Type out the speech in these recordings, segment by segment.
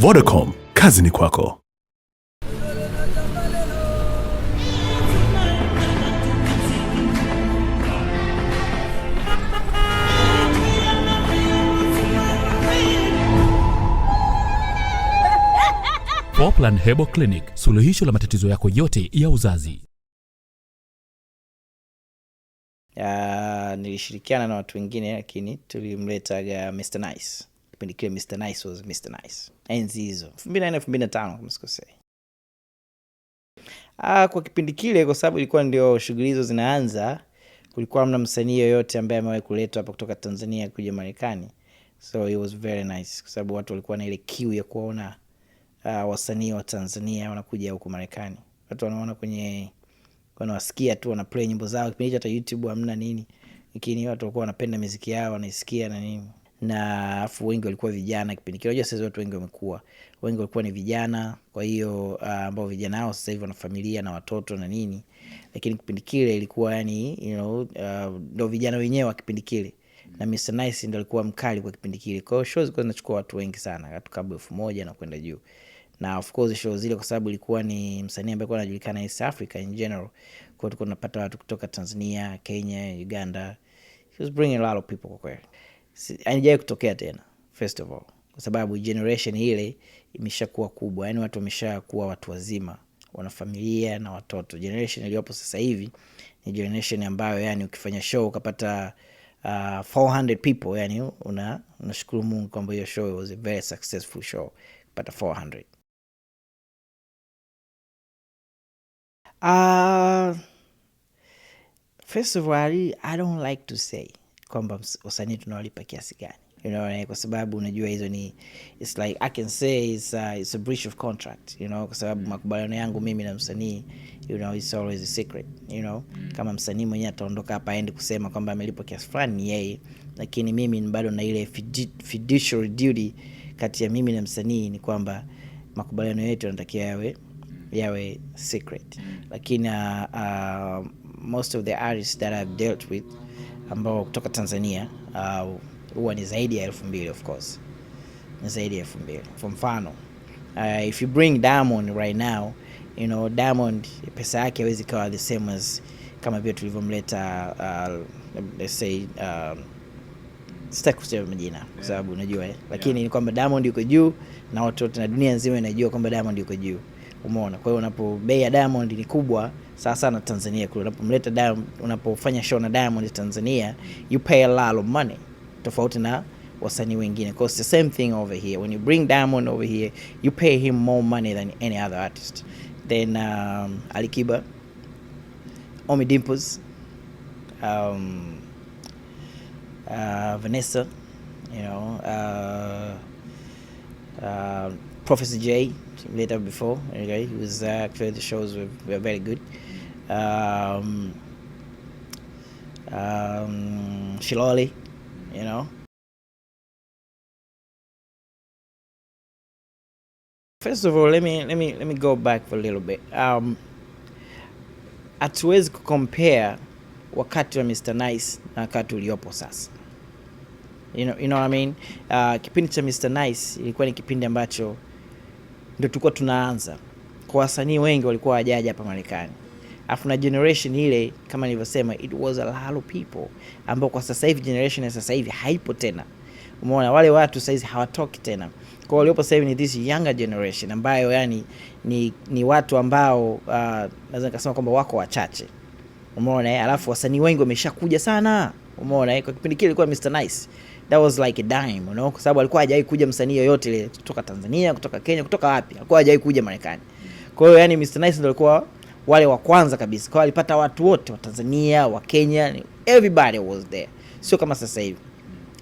Vodacom, kazi ni kwako. Poplan Hebo Clinic, suluhisho la matatizo yako yote ya uzazi. Uh, nilishirikiana na watu wengine lakini tulimletaga Mr Nice kipindi kile Mr Nice was Mr Nice, enzi hizo elfu mbili na nne elfu mbili na tano kama sikosei. Ah, kwa kipindi kile, kwa sababu ilikuwa ndio shughuli hizo zinaanza, kulikuwa mna msanii yoyote ambaye amewahi kuletwa hapa kutoka Tanzania kuja Marekani, so it was very nice kwa sababu watu walikuwa na ile kiu ya kuwaona uh, wasanii wa Tanzania wanakuja huku Marekani. Watu wanaona kwenye wanawasikia tu wanaplay nyimbo zao, kipindi hicho hata YouTube hamna nini, lakini watu walikuwa wanapenda miziki yao wanaisikia na nini na afu wengi walikuwa vijana kipindi kile. Unajua sasa watu wengi wamekuwa wengi walikuwa ni vijana, kwa hiyo ah, ambao uh, vijana hao sasa hivi wana familia na watoto na nini, lakini kipindi kile ilikuwa yani, you know, uh, ndo vijana wenyewe wa kipindi kile na Mr Nice ndo alikuwa mkali kwa kipindi kile. Kwa hiyo shows zilikuwa zinachukua watu wengi sana, watu kabla elfu moja na kwenda juu, na of course show zile, kwa sababu ilikuwa ni msanii ambaye alikuwa anajulikana East Africa in general, kwa hiyo tulikuwa tunapata watu kutoka Tanzania, Kenya, Uganda. he was bringing a lot of people kwa kweli haijawai kutokea tena, first of all, kwa sababu generation ile imeshakuwa kubwa, yani watu wameshakuwa watu wazima, wana familia na watoto. Generation iliyopo sasa hivi ni generation ambayo yani ukifanya show ukapata uh, 400 people yani una unashukuru Mungu kwamba hiyo show was a very successful show kupata 400. Uh, first of all, I don't like to say kwamba wasanii tunawalipa kiasi gani you know, eh, kwa sababu unajua hizo ni it's like I can say it's a, it's a breach of contract you know, kwa sababu mm. makubaliano yangu mimi na msanii you know, it's always a secret you know. Mm. Kama msanii mwenyewe ataondoka hapa aende kusema kwamba amelipwa kiasi fulani ni yeye, lakini mimi bado na ile fiduciary duty kati ya mimi na msanii ni kwamba makubaliano yetu yanatakiwa yawe yawe secret, mm. lakini uh, uh, most of the artists that I've dealt with ambao kutoka Tanzania huwa uh, ni zaidi ya elfu mbili of course, ni zaidi ya elfu mbili Kwa mfano uh, if you bring Diamond right now you know Diamond pesa yake hawezi kawa the same as kama vile tulivyomleta uh, let's say uh, sitaki kusema majina kwa sababu unajua eh, lakini ni kwamba Diamond yuko juu na watu wote na dunia nzima inajua kwamba Diamond yuko juu, umeona. Kwa hiyo unapo bei ya Diamond ni kubwa sasa sana Tanzania kule unapomleta Diamond, unapofanya show na Diamond Tanzania, you pay a lot of money tofauti na wasanii wengine. Because the same thing over here. When you bring Diamond over here, you pay him more money than any other artist. Then um, Alikiba, Omi Dimples, um, uh, Vanessa, you know, uh, uh, Professor J later before. Okay, he was uh, actually the shows were, were very good um, um, Shiloli, you know. First of all, let me let me let me go back for a little bit. Um, hatuwezi kucompare wakati wa Mr. Nice na wakati uliopo sasa. You know, you know what I mean? Uh, kipindi cha Mr. Nice ilikuwa ni kipindi ambacho ndio tulikuwa tunaanza kwa wasanii wengi walikuwa wajaji hapa Marekani. Alafu na generation ile kama nilivyosema, it was a lot of people ambao kwa sasa hivi generation ya sasa hivi haipo tena. Umeona wale watu sasa hivi hawatoki tena. Kwa hiyo waliopo sasa hivi ni this younger generation ambayo yani ni, ni watu ambao uh, naweza nikasema kwamba wako wachache. Umeona, eh, alafu wasanii wengi wameshakuja sana. Umeona, eh, kwa kipindi kile ilikuwa Mr Nice. That was like a dime, you know, kwa sababu alikuwa hajawahi kuja msanii yoyote ile kutoka Tanzania, kutoka Kenya, kutoka wapi. Alikuwa hajawahi kuja Marekani. Kwa hiyo yani Mr Nice ndio alikuwa wale wa kwanza kabisa, kwa walipata watu wote wa Tanzania, wa Kenya, everybody was there, sio kama sasa hivi.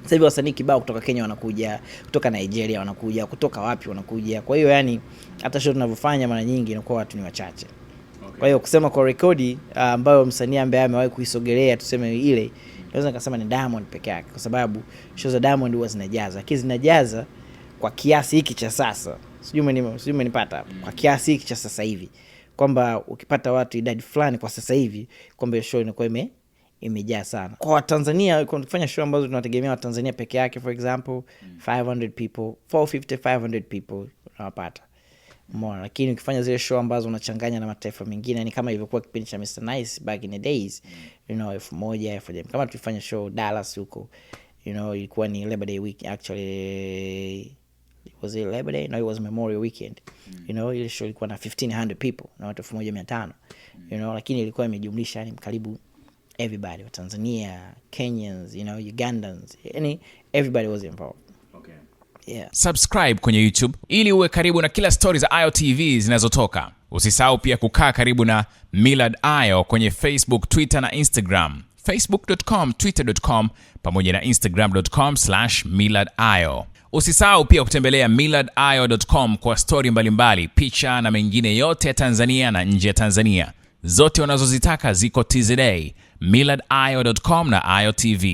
Sasa hivi wasanii kibao kutoka Kenya wanakuja, kutoka Nigeria wanakuja, kutoka wapi wanakuja. Kwa hiyo yani, hata show tunavyofanya mara nyingi inakuwa watu ni wachache. Okay. Kwa hiyo kusema kwa rekodi ah, ambayo msanii ambaye amewahi kuisogelea tuseme ile, naweza nikasema ni Diamond peke yake, kwa sababu show za Diamond huwa zinajaza, lakini zinajaza kwa kiasi hiki cha sasa. Sijui umenipata, kwa kiasi hiki cha sasa hivi kwamba ukipata watu idadi fulani kwa sasa hivi kwamba hiyo show inakuwa ime imejaa sana kwa Watanzania. Kufanya show ambazo tunawategemea Watanzania peke yake, for example mm. 500 people 450 500 people unawapata mona, lakini ukifanya zile show ambazo unachanganya na mataifa mengine, ni kama ilivyokuwa kipindi cha Mr Nice back in the days, you know, elfu moja elfu jam kama tulifanya show Dallas huko, you know, ilikuwa ni Labor Day week actually was it Labor Day? No, it was Memorial Weekend. Mm. You know, ile show ilikuwa na 1500 people na watu 1500. Mm. You know, lakini ilikuwa imejumlisha yani karibu everybody wa Tanzania, Kenyans, you know, Ugandans, yani everybody was involved. Okay. Yeah. Subscribe kwenye YouTube ili uwe karibu na kila stori za iotv zinazotoka. Usisahau pia kukaa karibu na Millard io kwenye Facebook, Twitter na Instagram. Facebook.com, Twitter.com pamoja na instagramcom io Usisahau pia kutembelea millardayo.com kwa stori mbalimbali, picha na mengine yote ya Tanzania na nje ya Tanzania. Zote unazozitaka ziko TZA, millardayo.com na IOTV.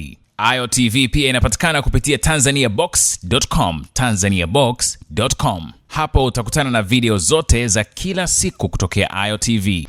IOTV pia inapatikana kupitia tanzaniabox.com, tanzaniabox.com. Hapo utakutana na video zote za kila siku kutokea IOTV.